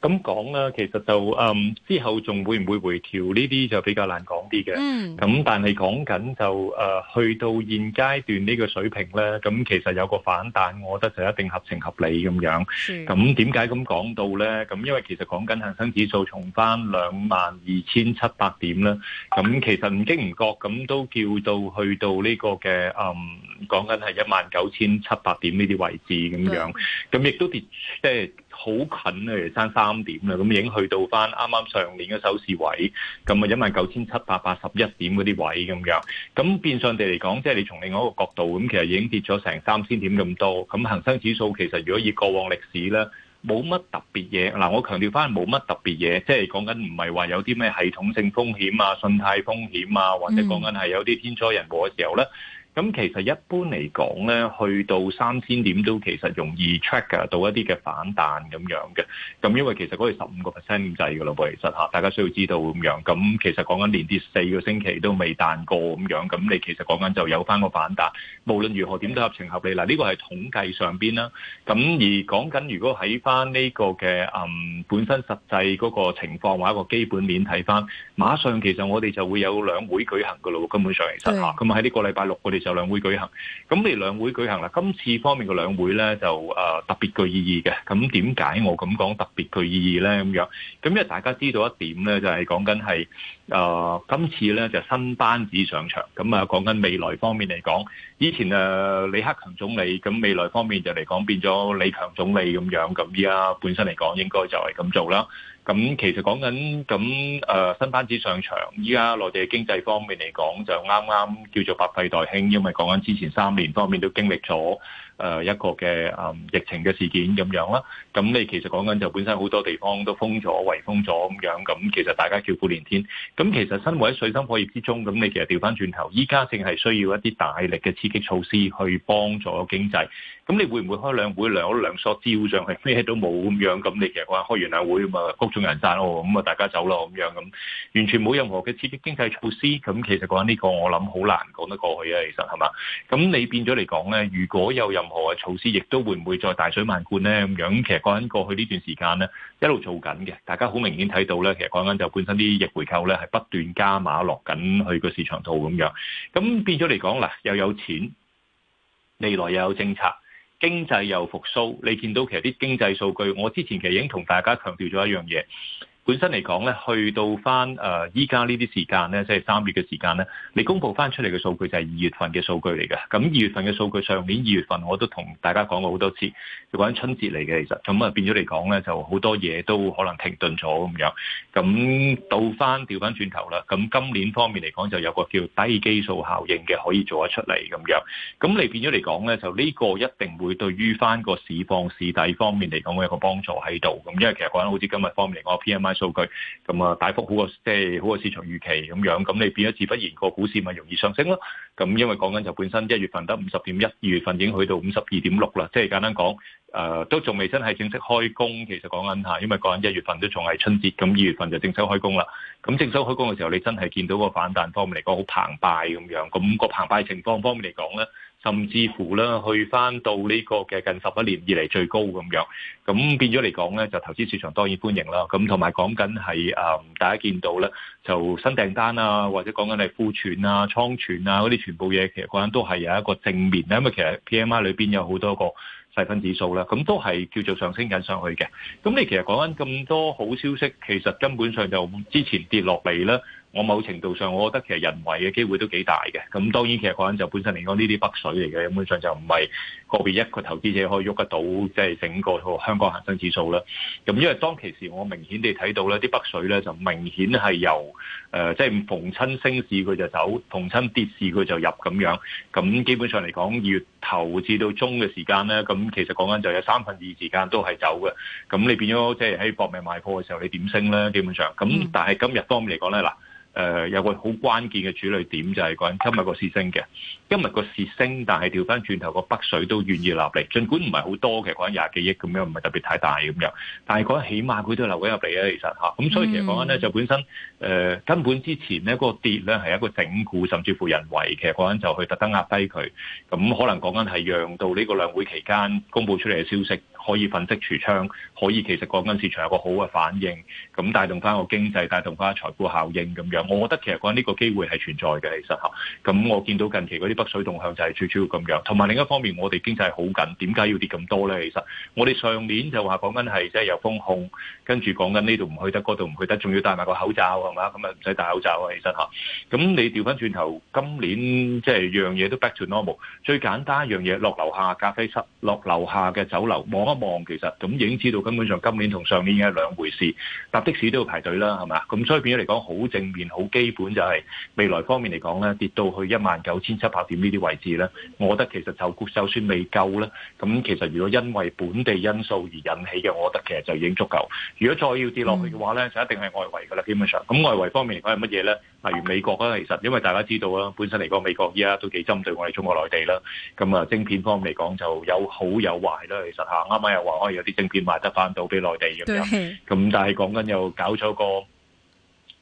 咁講啦，其實就嗯之後仲會唔會回調呢啲就比較難講啲嘅。咁、嗯、但係講緊就誒、呃、去到現階段呢個水平咧，咁其實有個反彈，我覺得就一定合情合理咁樣。咁點解咁講到咧？咁因為其實講緊恒生指數重返兩萬二千七百點啦。咁其實唔經唔覺咁都叫到去到呢個嘅嗯講緊係一萬九千七百點呢啲位置咁樣，咁亦、嗯、都跌即係。就是好近啊，而家三點啦，咁已經到剛剛去到翻啱啱上年嘅收市位，咁啊一萬九千七百八十一點嗰啲位咁樣，咁變相地嚟講，即係你從另外一個角度，咁其實已經跌咗成三千點咁多，咁恒生指數其實如果以過往歷史咧，冇乜特別嘢。嗱，我強調翻冇乜特別嘢，即係講緊唔係話有啲咩系統性風險啊、信貸風險啊，或者講緊係有啲天災人禍嘅時候咧。嗯咁其實一般嚟講咧，去到三千點都其實容易 track 到一啲嘅反彈咁樣嘅。咁因為其實嗰度十五個 percent 咁滯嘅啦，其實下大家需要知道咁樣。咁其實講緊連跌四個星期都未彈過咁樣，咁你其實講緊就有翻個反彈。無論如何點都合情合理。嗱，呢、呢個係統計上邊啦。咁、啊、而講緊如果喺翻呢個嘅嗯本身實際嗰個情況或者個基本面睇翻，馬上其實我哋就會有兩會舉行嘅啦喎。根本上嚟。實咁喺呢個禮拜六我哋就。兩會舉行，咁你兩會舉行啦。今次方面嘅兩會咧，就誒特別具意義嘅。咁點解我咁講特別具意義咧？咁樣，咁因為大家知道一點咧，就係講緊係誒今次咧就新班子上場，咁啊講緊未來方面嚟講，以前誒李克強總理，咁未來方面就嚟講變咗李強總理咁樣，咁依家本身嚟講，應該就係咁做啦。咁其實講緊咁誒新班子上場，依家內地經濟方面嚟講就啱啱叫做百廢待興，因為講緊之前三年方面都經歷咗。誒、呃、一個嘅、嗯、疫情嘅事件咁樣啦，咁你其實講緊就本身好多地方都封咗、圍封咗咁樣，咁其實大家叫苦連天。咁其實生活喺水深火熱之中，咁你其實調翻轉頭，依家淨係需要一啲大力嘅刺激措施去幫助經濟。咁你會唔會開兩會兩兩索招上去咩都冇咁樣？咁你其實話開完兩會咁啊，曲終人散咯，咁、哦、啊、嗯、大家走咯咁樣咁，完全冇任何嘅刺激經濟措施。咁其實講緊呢個我諗好難講得過去啊，其實係嘛？咁你變咗嚟講咧，如果有任何我措施亦都會唔會再大水漫灌呢？咁樣？其實講緊過去呢段時間呢，一路做緊嘅，大家好明顯睇到呢，其實講緊就本身啲逆回購呢，係不斷加碼落緊去個市場度咁樣。咁變咗嚟講啦，又有錢，未來又有政策，經濟又復甦。你見到其實啲經濟數據，我之前其實已經同大家強調咗一樣嘢。本身嚟講咧，去到翻誒依家呢啲時間咧，即係三月嘅時間咧，你公布翻出嚟嘅數據就係二月份嘅數據嚟嘅。咁二月份嘅數據，上年二月份我都同大家講過好多次，就講緊春節嚟嘅，其實咁啊變咗嚟講咧，就好多嘢都可能停頓咗咁樣。咁倒翻掉翻轉頭啦，咁今年方面嚟講就有個叫低基數效應嘅，可以做得出嚟咁樣。咁你變咗嚟講咧，就呢個一定會對於翻個市況市底方面嚟講有個個幫助喺度。咁因為其實講緊好似今日方面嚟講，P M I 數據咁啊，大幅好過即係好過市場預期咁樣，咁你變咗自不然個股市咪容易上升咯。咁因為講緊就本身一月份得五十點一，二月份已經去到五十二點六啦。即係簡單講，誒都仲未真係正式開工。其實講緊吓，因為講緊一月份都仲係春節，咁二月份就正式開工啦。咁正式開工嘅時候，你真係見到個反彈方面嚟講好澎湃咁樣。咁個澎湃情況方面嚟講咧。甚至乎咧，去翻到呢個嘅近十一年以嚟最高咁樣，咁變咗嚟講咧，就投資市場當然歡迎啦。咁同埋講緊係誒，大家見到咧，就新訂單啊，或者講緊係庫存啊、倉存啊嗰啲全部嘢，其實講緊都係有一個正面咧，因為其實 PMI 裏邊有好多個細分指數啦，咁都係叫做上升緊上去嘅。咁你其實講緊咁多好消息，其實根本上就之前跌落嚟啦我某程度上，我覺得其實人為嘅機會都幾大嘅。咁當然，其實講緊就本身嚟講，呢啲北水嚟嘅，基本上就唔係個別一個投資者可以喐得到，即係整個香港恒生指數啦。咁因為當其時，我明顯地睇到咧，啲北水咧就明顯係由誒，即、呃、係、就是、逢親升市佢就走，逢親跌市佢就入咁樣。咁基本上嚟講，月頭至到中嘅時間咧，咁其實講緊就有三分二時間都係走嘅。咁你變咗即係喺搏命賣貨嘅時候，你點升咧？基本上咁，咁但係今日方面嚟講咧，嗱。誒，有個好關鍵嘅處理點就係講今日個市升嘅。今日個市升，但係調翻轉頭個北水都願意入嚟，儘管唔係好多嘅，講緊廿幾億咁樣，唔係特別太大咁樣，但係講起碼佢都留緊入嚟啊！其實嚇，咁所以其實講緊咧就本身誒、呃、根本之前呢、呢個跌咧係一個整固，甚至乎人為嘅講緊就去特登壓低佢，咁可能講緊係讓到呢個兩會期間公佈出嚟嘅消息可以粉飾櫥窗，可以其實講緊市場有個好嘅反應，咁帶動翻個經濟，帶動翻財富效應咁樣。我覺得其實講緊呢個機會係存在嘅，其實嚇。咁我見到近期嗰啲水動向就係最主要咁樣，同埋另一方面，我哋經濟係好緊，點解要跌咁多咧？其實我哋上年就話講緊係即係有封控，跟住講緊呢度唔去得，嗰度唔去得，仲要戴埋個口罩係嘛？咁啊唔使戴口罩啊，其實吓。咁你調返轉頭，今年即係樣嘢都 back to normal。最簡單一樣嘢，落樓下咖啡室，落樓下嘅酒樓望一望，其實咁已經知道根本上今年同上年已經係兩回事。搭的士都要排隊啦，係嘛？咁所以變咗嚟講，好正面、好基本就係未來方面嚟講咧，跌到去一萬九千七百，點呢啲位置咧？我覺得其實就就算未夠咧，咁其實如果因為本地因素而引起嘅，我覺得其實就已經足夠。如果再要跌落去嘅話咧，嗯、就一定係外圍噶啦，基本上。咁外圍方面嚟講係乜嘢咧？例如美國咧，其實因為大家知道啦，本身嚟講美國依家都幾針對我哋中國內地啦。咁啊，晶片方面嚟講就有好有壞啦。其實嚇，啱啱又話可以有啲晶片賣得翻到俾內地咁對、就是、樣。咁但係講緊又搞咗個，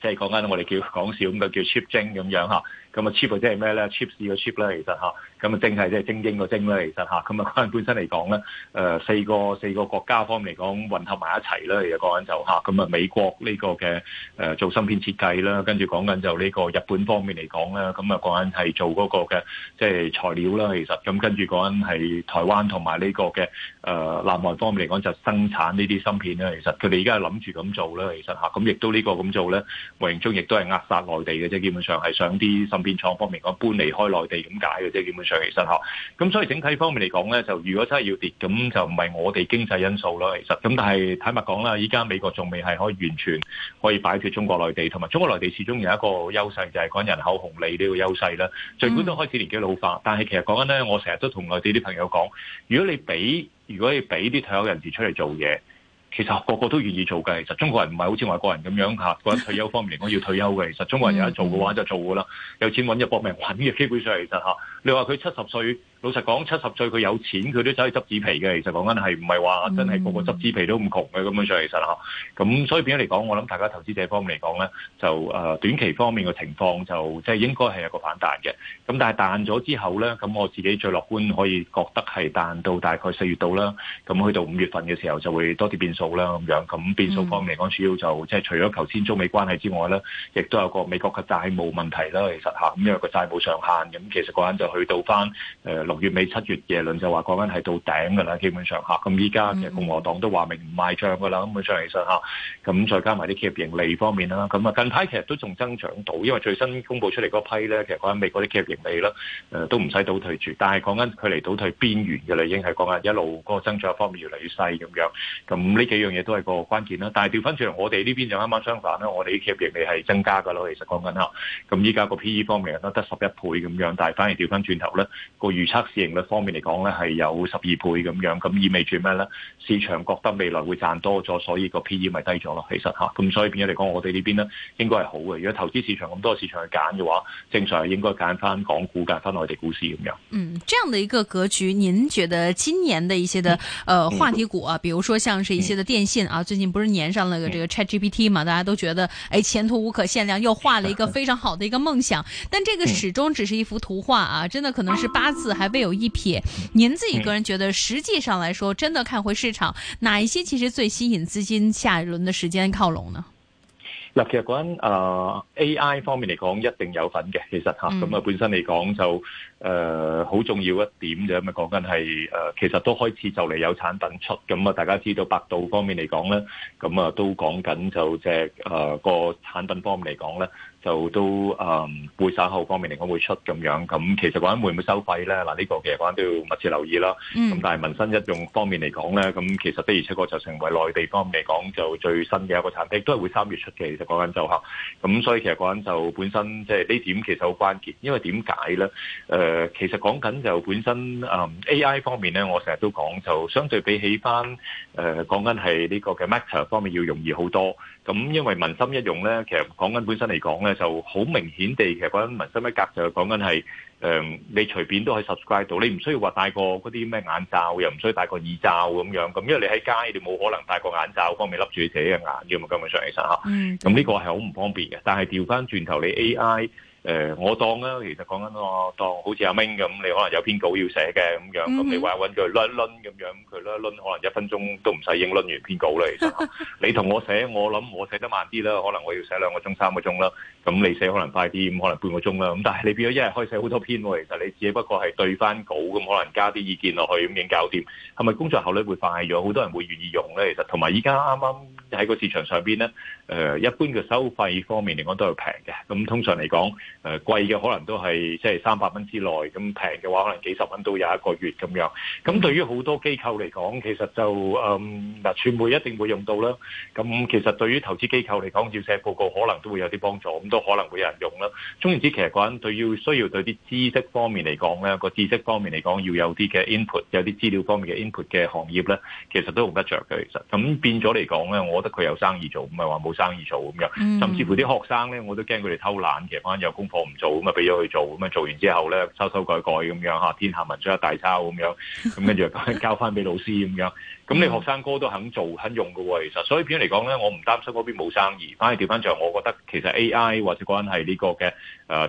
即係講緊我哋叫講笑咁嘅叫 cheap 精咁樣嚇。咁啊 chip 即係咩咧 chip 是個 chip 啦，其實嚇。咁啊正係即係精英個精啦，其實嚇。咁啊本身嚟講咧，誒、呃、四個四個國家方面嚟講混合埋一齊咧，其實講緊就嚇。咁啊美國呢個嘅誒、呃、做芯片設計啦，跟住講緊就呢個日本方面嚟講咧，咁啊講緊係做嗰個嘅即係材料啦，其實咁跟住講緊係台灣同埋呢個嘅誒、呃、南韓方面嚟講就是、生產呢啲芯片啦。其實佢哋而家諗住咁做啦。其實嚇。咁亦都呢個咁做咧，無形中亦都係扼殺內地嘅啫，基本上係想啲變創、嗯、方面搬離開內地咁解嘅，即係基本上其實咁，所以整體方面嚟講咧，就如果真係要跌，咁就唔係我哋經濟因素啦。其實，咁但係坦白講啦，依家美國仲未係可以完全可以擺脫中國內地，同埋中國內地始終有一個優勢，就係、是、講人口紅利呢個優勢啦。盡管都開始年紀老化，但係其實講緊咧，我成日都同內地啲朋友講，如果你俾，如果你俾啲退休人士出嚟做嘢，其實個個都願意做嘅，其實中國人唔係好似外國人咁樣嚇。個人退休方面嚟講，要退休嘅，其實中國人有得做嘅話就做嘅啦。有錢揾就搏命揾嘅，基本上其實嚇。你話佢七十歲？老實講，七十歲佢有錢，佢都走去執紙皮嘅。其實講緊係唔係話真係個個執紙皮都唔窮嘅咁樣。上，其實吓，咁所以變咗嚟講，我諗大家投資者方面嚟講咧，就誒短期方面嘅情況就即係應該係有個反彈嘅。咁但係彈咗之後咧，咁我自己最樂觀可以覺得係彈到大概四月度啦，咁去到五月份嘅時候就會多啲變數啦咁樣。咁變數方面嚟講，主要就即係除咗頭先中美關係之外咧，亦都有個美國嘅債務問題啦。其實吓，咁因為個債務上限，咁其實嗰陣就去到翻誒。月尾七月耶倫就話講緊係到頂㗎啦，基本上嚇，咁依家其實共和黨都話明唔賣帳㗎啦，咁佢上嚟先嚇，咁再加埋啲企業盈利方面啦，咁，啊近排其實都仲增長到，因為最新公佈出嚟嗰批咧，其實講緊美國啲企業盈利啦，誒都唔使倒退住，但係講緊佢離倒退邊緣嘅啦，已經係講緊一路嗰個增長方面越嚟越細咁樣，咁呢幾樣嘢都係個關鍵啦。但係調翻轉嚟，我哋呢邊就啱啱相反啦，我哋啲企業盈利係增加㗎咯，其實講緊嚇，咁依家個 P E 方面都得十一倍咁樣，但係反而調翻轉頭咧，個預測市盈率方面嚟講呢係有十二倍咁樣，咁意味住咩呢？市場覺得未來會賺多咗，所以個 P E 咪低咗咯。其實吓，咁、啊、所以變咗嚟講，我哋呢邊咧，應該係好嘅。如果投資市場咁多市場去揀嘅話，正常係應該揀翻港股、揀翻內地股市咁樣。嗯，這樣的一個格局，您覺得今年的一些的，嗯、呃，嗯、話題股啊，比如說像是一些的電信啊，嗯、最近不是粘上了個這個 Chat GPT 嘛？嗯、大家都覺得，誒、哎，前途無可限量，又畫了一個非常好的一個夢想。 但這個始終只是一幅圖畫啊，真的可能是八字還。未有一撇，您自己個人覺得，實際上來說，嗯、真的看回市場，哪一些其實最吸引資金下一輪的時間靠攏呢？嗱，其實講緊誒、呃、AI 方面嚟講，一定有份嘅。其實吓，咁、呃、啊、嗯、本身嚟講就誒好、呃、重要一點嘅咁啊講緊係誒，其實都開始就嚟有產品出，咁啊大家知道百度方面嚟講咧，咁啊都講緊就只誒、呃、個產品方面嚟講咧。就都誒背、嗯、後方面嚟講會出咁樣，咁其實講緊會唔會收費咧？嗱呢個其實講緊都要密切留意啦。咁、mm. 但係民生一用方面嚟講咧，咁其實的而且確就成為內地方面嚟講就最新嘅一個產品，都係會三月出嘅。其實講緊就客，咁所以其實講緊就本身即係呢點其實好關鍵，因為點解咧？其實講緊就本身誒、嗯、AI 方面咧，我成日都講就相對比起翻講緊係呢個嘅 matter 方面要容易好多。咁因為民心一用咧，其實講緊本身嚟講咧，就好明顯地，其實講緊民心一格就係講緊係誒，你隨便都可以 subscribe 到，你唔需要話戴個嗰啲咩眼罩，又唔需要戴個耳罩咁樣，咁因為你喺街，你冇可能戴個眼罩方面笠住你自己嘅眼，咁根本上其實嚇，咁呢個係好唔方便嘅。但係調翻轉頭你 AI、嗯。誒，我當啦，其實講緊我當，好似阿 Ming 咁，你可能有篇稿要寫嘅咁樣，咁你話揾佢嚟輪一輪咁樣，佢輪一輪可能一分鐘都唔使應，輪完篇稿啦。其實你同我寫，我諗我寫得慢啲啦，可能我要寫兩個鐘三個鐘啦，咁你寫可能快啲，咁可能半個鐘啦。咁但係你變咗一日可以寫好多篇喎。其實你只不過係對翻稿咁，可能加啲意見落去咁已經搞掂。係咪工作效率會快咗？好多人會願意用咧。其實同埋而家啱啱喺個市場上邊咧，誒，一般嘅收費方面嚟講都係平嘅。咁通常嚟講，誒貴嘅可能都係即係三百蚊之內，咁平嘅話可能幾十蚊都有一個月咁樣。咁對於好多機構嚟講，其實就誒嗱、嗯，傳媒一定會用到啦。咁其實對於投資機構嚟講，照寫報告可能都會有啲幫助，咁都可能會有人用啦。總言之，其實講緊對要需要對啲知識方面嚟講咧，個知識方面嚟講要有啲嘅 input，有啲資料方面嘅 input 嘅行業咧，其實都用得着嘅。其實咁變咗嚟講咧，我覺得佢有生意做，唔係話冇生意做咁樣。甚至乎啲學生咧，我都驚佢哋偷懶，嘅。有。功課唔做咁啊，俾咗佢做咁啊，做完之後咧，修修改改咁樣吓，天下文章一大抄咁樣，咁跟住交翻俾老師咁樣。咁你學生哥都肯做肯用噶喎， 其實、嗯、所以片嚟講咧，我唔擔心嗰邊冇生意，反而調翻轉，我覺得其實 AI 或者講係、啊、呢個嘅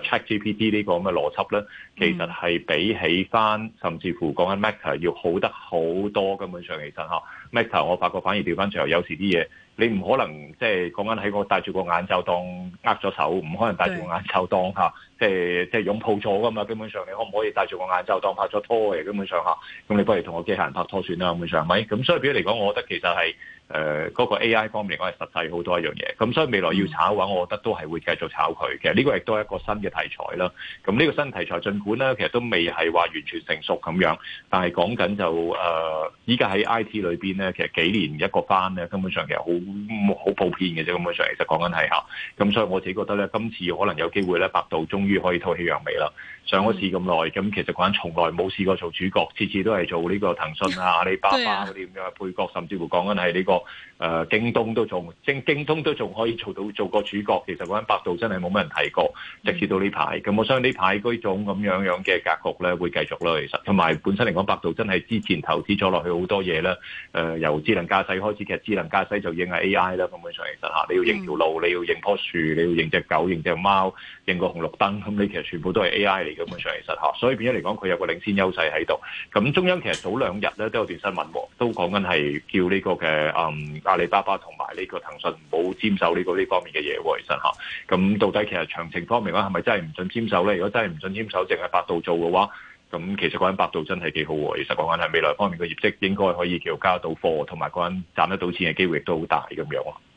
誒 ChatGPT 呢個咁嘅邏輯咧，嗯、其實係比起翻甚至乎講緊 Meta 要好得好多。根本上其實吓 Meta 我發覺反而調翻轉，有時啲嘢。你唔可能即係講緊喺我戴住個眼罩當握咗手，唔可能戴住個眼罩當吓。即係即係擁抱咗噶嘛，基本上你可唔可以戴住個眼罩當拍咗拖嘅？基本上吓，咁你不如同個機械人拍拖算啦。基本上係咪？咁所以，表嚟講，我覺得其實係誒嗰個 AI 方面嚟講係實際好多一樣嘢。咁所以未來要炒嘅話，我覺得都係會繼續炒佢嘅。呢個亦都係一個新嘅題材啦。咁呢個新題材，儘管咧其實都未係話完全成熟咁樣，但係講緊就誒依家喺 IT 裏邊咧，其實幾年一個班咧，根本上其實好好普遍嘅啫。根本上其實講緊係嚇。咁所以我自己覺得咧，今次可能有機會咧，百度中。終於可以吐氣揚眉啦！上咗市咁耐，咁其實嗰陣從來冇試過做主角，次次都係做呢個騰訊啊、阿里巴巴嗰啲咁嘅配角，甚至乎講緊係呢個誒、呃、京東都做。京京東都仲可以做到做個主角。其實嗰陣百度真係冇乜人睇過，直至到呢排。咁、嗯、我相信呢排嗰種咁樣樣嘅格局咧，會繼續咯。其實同埋本身嚟講，百度真係之前投資咗落去好多嘢咧。誒、呃，由智能駕駛開始，其實智能駕駛就應係 AI 啦。咁本上其實嚇，你要認條路，你要認樖樹，你要認隻狗，認隻貓，認個紅綠燈。咁你其實全部都係 A.I. 嚟嘅本上，其實吓，所以變咗嚟講，佢有個領先優勢喺度。咁中央其實早兩日咧都有段新聞，都講緊係叫呢個嘅、嗯阿里巴巴同埋呢個騰訊唔好沾手呢個呢方面嘅嘢喎。其實咁到底其實詳情方面話係咪真係唔准沾手咧？如果真係唔准沾手，淨係百度做嘅話，咁其實講緊百度真係幾好。其實講緊係未來方面嘅業績應該可以叫交到貨，同埋講緊賺得到錢嘅機會亦都好大咁樣。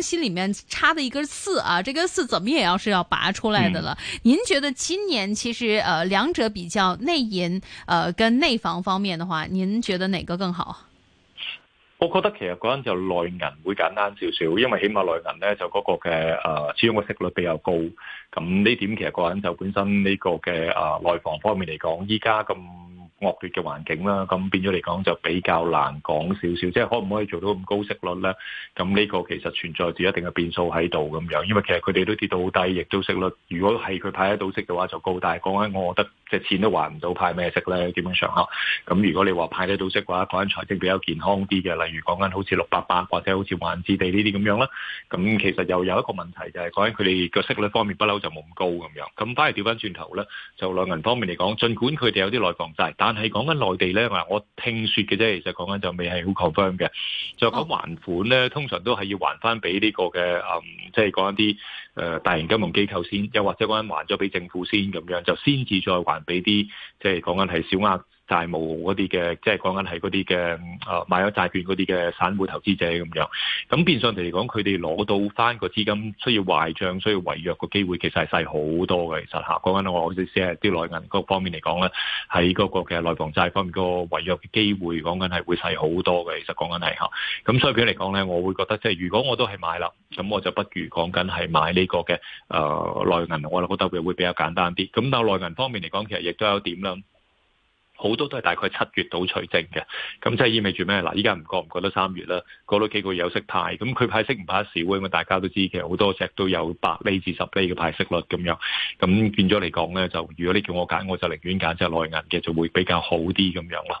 心裏面插的一根刺啊，這根刺怎麼也要是要拔出來的了。嗯、您覺得今年其實呃兩者比較內銀呃跟內房方面的話，您覺得哪個更好？我覺得其實個人就內銀會簡單少少，因為起碼內銀呢就嗰個嘅呃始終個息率比較高。咁呢點其實個人就本身呢個嘅啊、呃、內房方面嚟講，依家咁。惡劣嘅環境啦，咁變咗嚟講就比較難講少少，即係可唔可以做到咁高息率咧？咁呢個其實存在住一定嘅變數喺度咁樣，因為其實佢哋都跌到好低，亦都息率，如果係佢派得到息嘅話就高，但係講緊我覺得即係錢都還唔到派咩息咧，基本上嚇。咁如果你話派得到息嘅話，講緊財政比較健康啲嘅，例如講緊好似六百八或者好似環指地呢啲咁樣啦，咁其實又有一個問題就係講緊佢哋個息率方面不嬲就冇咁高咁樣，咁反而調翻轉頭咧，就內銀方面嚟講，儘管佢哋有啲內房債，但係講緊內地咧，嗱，我聽說嘅啫，其實講緊就未係好 confirm 嘅。就講還款咧，通常都係要還翻俾呢個嘅，嗯，即係講一啲誒大型金融機構先，又或者講緊還咗俾政府先咁樣，就先至再還俾啲，即係講緊係小額。債務嗰啲嘅，即係講緊係嗰啲嘅，誒、呃、買咗債券嗰啲嘅散戶投資者咁樣，咁變相嚟講，佢哋攞到翻個資金，需要壞賬，需要違約嘅機會，其，其實係細好多嘅。其實嚇，講緊我好似即係啲內銀嗰方面嚟講咧，喺嗰個嘅內房債方面個違約嘅機會，講緊係會細好多嘅。其實講緊係嚇，咁所以佢嚟講咧，我會覺得即係如果我都係買啦，咁我就不如講緊係買呢個嘅誒、呃、內銀，我覺得特別會比較簡單啲。咁但係內銀方面嚟講，其實亦都有點啦。好多都係大概七月到取證嘅，咁即係意味住咩？嗱，依家唔過唔過得三月啦，過咗幾個月有息派，咁佢派息唔派得少，因為大家都知其實好多隻都有八厘至十厘嘅派息率咁樣，咁變咗嚟講咧，就如果你叫我揀，我就寧願揀即係內銀嘅，就會比較好啲咁樣啦。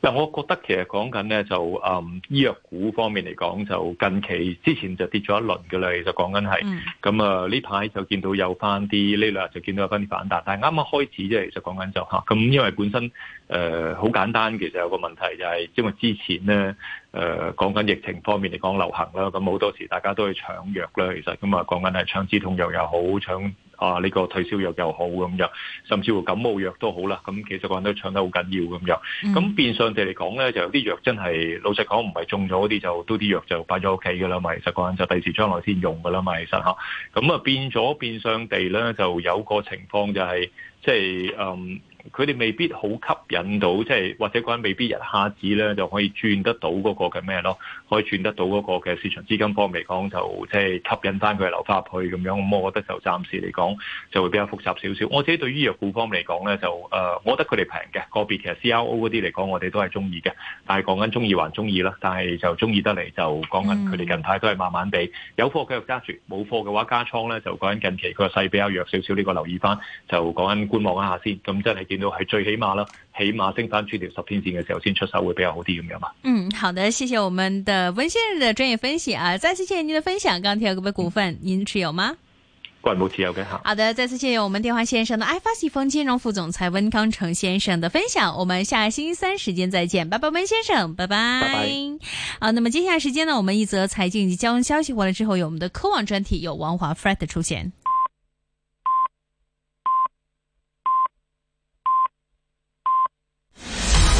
嗱，但我覺得其實講緊咧就誒、嗯、醫藥股方面嚟講，就近期之前就跌咗一輪嘅喇。啦，其實講緊係。咁啊呢排就見到有翻啲呢兩日就見到有翻啲反彈，但係啱啱開始啫，其實講緊就嚇。咁、啊、因為本身誒好、呃、簡單，其實有個問題就係、是，因為之前咧誒講緊疫情方面嚟講流行啦，咁好多時大家都去搶藥啦，其實咁啊講緊係搶止痛藥又好搶。啊！呢個退燒藥又好咁樣，甚至乎感冒藥都好啦。咁其實個人都搶得好緊要咁樣。咁變,變,變相地嚟講咧，就有啲藥真係老實講唔係中咗嗰啲，就都啲藥就擺咗屋企噶啦嘛。其實個人就第時將來先用噶啦嘛。其實吓，咁啊變咗變相地咧，就有個情況就係、是、即係嗯。佢哋未必好吸引到，即係或者講緊未必一下子咧就可以轉得到嗰個嘅咩咯，可以轉得到嗰個嘅市場資金方嚟講就即係吸引翻佢留翻入去咁樣，咁我覺得就暫時嚟講就會比較複雜少少。我自己對於藥股方嚟講咧就誒，我覺得佢哋平嘅個別其實 CRO 嗰啲嚟講，我哋都係中意嘅。但係講緊中意還中意啦，但係就中意得嚟就講緊佢哋近排都係慢慢地、嗯、有貨繼續揸住，冇貨嘅話加倉咧就講緊近期佢個勢比較弱少少，呢、這個留意翻就講緊觀望一下先。咁見到係最起碼啦，起碼升翻出條十天線嘅時候先出手會比較好啲咁樣嘛。嗯，好的，謝謝我們的温先生的專業分析啊，再次謝謝你的分享。鋼鐵股位股份您持有嗎？個人冇持有嘅吓。好的，再次謝謝我們電話線上的 iFAST 易方金融副總裁溫鋼城先生的分享，我們下星期三時間再見，拜拜温先生，拜拜。Bye bye 好，那麼接下來時間呢，我們一則財經以及交通消息，完了之後，有我們的科網專題，有王華 Fred 的出現。